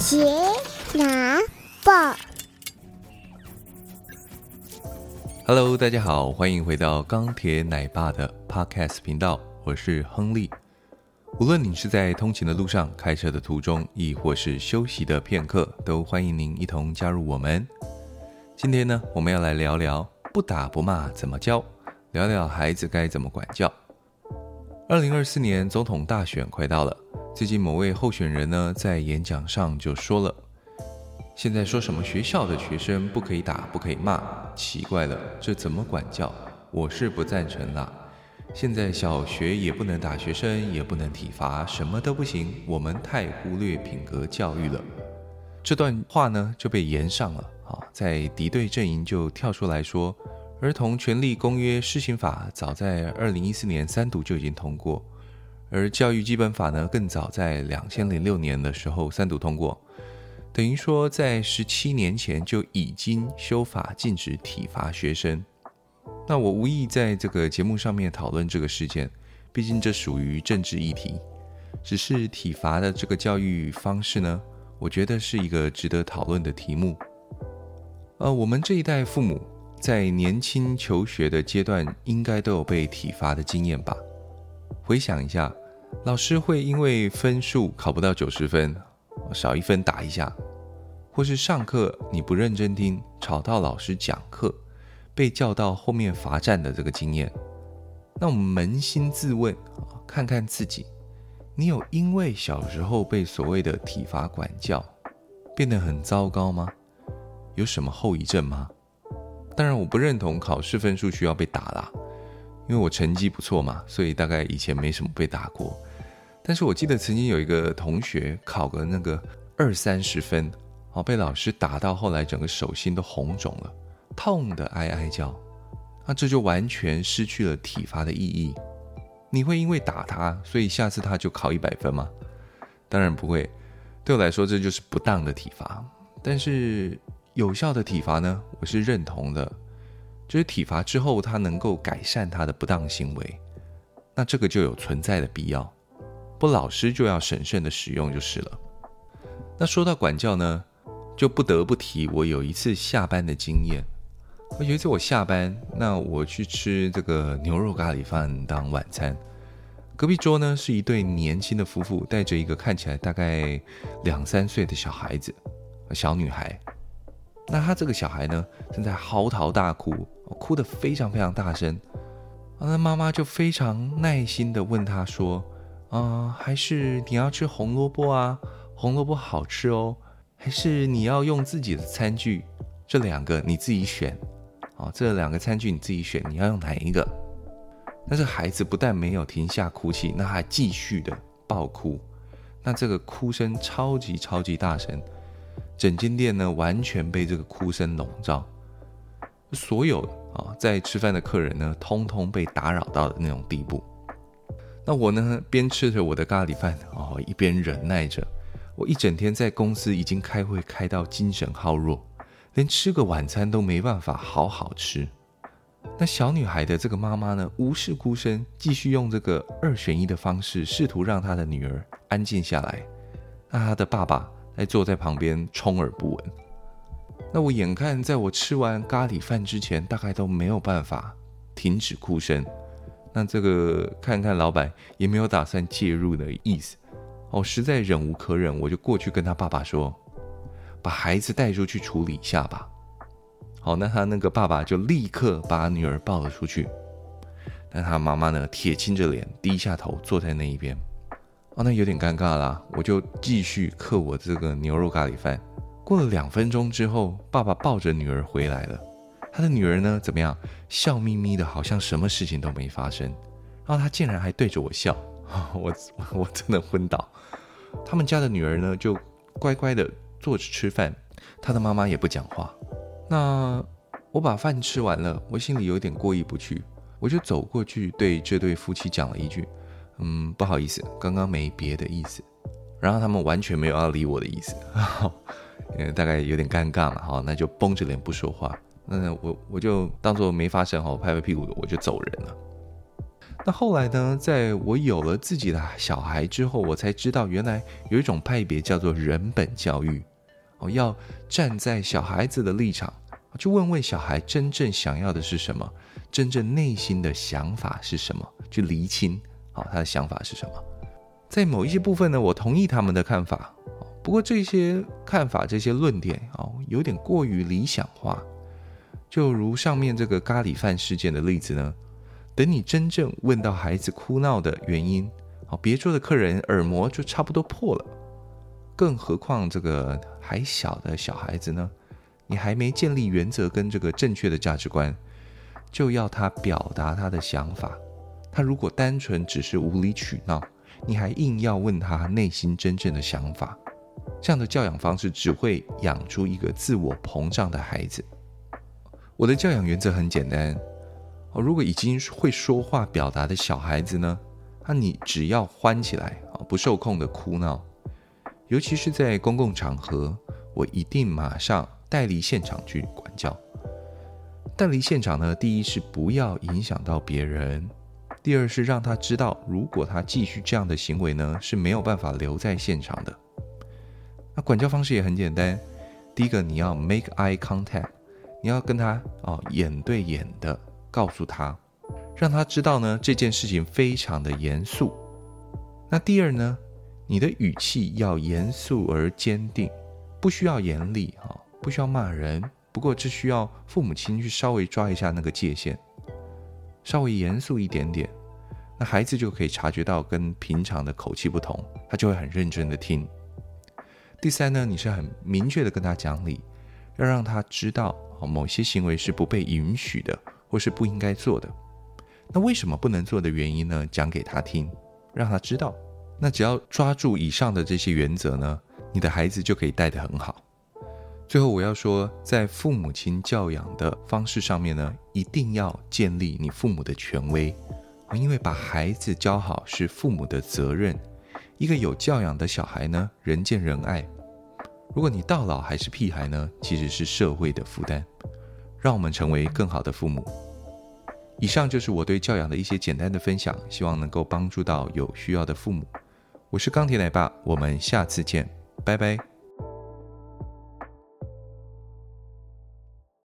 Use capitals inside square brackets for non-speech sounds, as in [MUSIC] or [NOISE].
杰拿報，Hello，大家好，歡迎回到鋼鐵奶爸的 Podcast 頻道，我是亨利。無論你是在通勤的路上、開車的途中，亦或是休息的片刻，都歡迎您一同加入我們。今天呢，我們要來聊聊不打不罵怎麼教，聊聊孩子該怎麼管教。二零二四年總統大選快到了。最近某位候選人呢，在演講上就說了：“現在說什麼學校的學生不可以打，不可以罵，奇怪了，這怎麼管教？我是不贊成啦。現在小學也不能打學生，也不能體罰，什麼都不行。我們太忽略品格教育了。”這段話呢，就被炎上了啊，在敵對陣營就跳出來說：“兒童權利公約施行法早在二零一四年三讀就已經通過。”而教育基本法呢，更早在兩千零六年的時候三讀通過，等於說在十七年前就已經修法禁止體罰學生。那我無意在這個節目上面討論這個事件，畢竟這屬於政治議題。只是體罰的這個教育方式呢，我覺得是一個值得討論的題目。呃，我們這一代父母在年輕求學的階段，應該都有被體罰的經驗吧？回想一下。老師會因為分數考不到九十分，少一分打一下，或是上課你不認真聽，吵到老師講課，被叫到後面罰站的這個經驗。那我們捫心自問，看看自己，你有因為小時候被所謂的體罰管教，變得很糟糕嗎？有什麼後遺症嗎？當然，我不認同考試分數需要被打啦啊。因為我成績不錯嘛，所以大概以前沒什麼被打過。但是我記得曾經有一個同學考個那個二三十分，哦，被老師打到後來整個手心都紅腫了，痛得哀哀叫。那、啊、這就完全失去了體罰的意義。你會因為打他，所以下次他就考一百分嗎？當然不會。對我來說，這就是不當的體罰。但是有效的體罰呢，我是認同的。就是體罰之後，他能夠改善他的不當行為，那這個就有存在的必要。不，老師就要審慎地使用就是了。那說到管教呢，就不得不提我有一次下班的經驗。有一次我下班，那我去吃這個牛肉咖喱飯當晚餐，隔壁桌呢是一對年輕的夫婦，帶着一個看起來大概兩三歲的小孩子、小女孩。那他這個小孩呢，正在嚎啕大哭，哭得非常非常大聲。那媽媽就非常耐心地問他說：“啊、呃，還是你要吃紅蘿蔔啊？紅蘿蔔好吃哦。還是你要用自己的餐具？這兩個你自己選。啊、哦，這兩個餐具你自己選，你要用哪一個？”但是孩子不但沒有停下哭泣，那他還繼續的爆哭，那這個哭聲超級超級大聲。整間店呢，完全被這個哭聲籠罩，所有啊、哦、在吃飯的客人呢，通通被打擾到的那種地步。那我呢，邊吃着我的咖喱飯哦，一邊忍耐着。我一整天在公司已經開會開到精神耗弱，連吃個晚餐都沒辦法好好吃。那小女孩的這個媽媽呢，無視哭聲，繼續用這個二選一的方式，試圖讓她的女兒安靜下來。那她的爸爸。還坐在旁邊充耳不聞。那我眼看在我吃完咖喱飯之前，大概都沒有辦法停止哭聲。那這個看看老闆也沒有打算介入的意思。哦，實在忍無可忍，我就過去跟他爸爸說：“把孩子帶出去處理一下吧。”好，那他那個爸爸就立刻把女兒抱了出去。那他媽媽呢，鐵青着臉，低下頭坐在那一邊。那有點尷尬啦，我就繼續嗑我這個牛肉咖喱飯。過了兩分鐘之後，爸爸抱着女兒回來了。他的女兒呢，怎麼樣？笑眯眯的，好像什麼事情都沒發生。然後他竟然還對着我笑，我我真的昏倒。他們家的女兒呢，就乖乖的坐着吃飯，他的媽媽也不講話。那我把飯吃完了，我心裡有點過意不去，我就走過去對這對夫妻講了一句。嗯，不好意思，剛剛沒別的意思，然後他們完全沒有要理我的意思，哈， [LAUGHS] 因為大概有點尷尬了，哈，那就繃着臉不說話，那我我就當做沒發生，哈，拍拍屁股我就走人了。那後來呢，在我有了自己的小孩之後，我才知道原來有一種派別叫做人本教育，哦，要站在小孩子的立場，去問問小孩真正想要的是什麼，真正內心的想法是什麼，去釐清。好，他的想法是什麼？在某一些部分呢，我同意他們的看法。不過這些看法、這些論點哦，有點過於理想化。就如上面這個咖喱飯事件的例子呢，等你真正問到孩子哭鬧的原因，好，別桌的客人耳膜就差不多破了。更何況這個還小的小孩子呢，你還沒建立原則跟這個正確的價值觀，就要他表達他的想法。他如果單純只是無理取鬧，你還硬要問他內心真正的想法，這樣的教養方式只會養出一個自我膨脹的孩子。我的教養原則很簡單：哦，如果已經會說話表達的小孩子呢，那你只要歡起來啊，不受控的哭鬧，尤其是在公共場合，我一定馬上帶離現場去管教。帶離現場呢，第一是不要影響到別人。第二是讓他知道，如果他繼續這樣的行為呢，是沒有辦法留在現場的。那管教方式也很簡單，第一個你要 make eye contact，你要跟他哦眼對眼的告訴他，讓他知道呢這件事情非常的嚴肅。那第二呢，你的語氣要嚴肅而堅定，不需要嚴厲啊，不需要罵人，不過只需要父母親去稍微抓一下那個界限。稍微嚴肅一點點，那孩子就可以察覺到跟平常的口氣不同，他就會很認真的聽。第三呢，你是很明確的跟他講理，要讓他知道某些行為是不被允許的，或是不應該做的。那為什麼不能做的原因呢？講給他聽，讓他知道。那只要抓住以上的這些原則呢，你的孩子就可以帶得很好。最後我要說，在父母親教養的方式上面呢，一定要建立你父母的權威，啊，因為把孩子教好是父母的責任。一個有教養的小孩呢，人見人愛。如果你到老還是屁孩呢，其實是社會的負擔。讓我們成為更好的父母。以上就是我對教養的一些簡單的分享，希望能夠幫助到有需要的父母。我是鋼鐵奶爸，我們下次見，拜拜。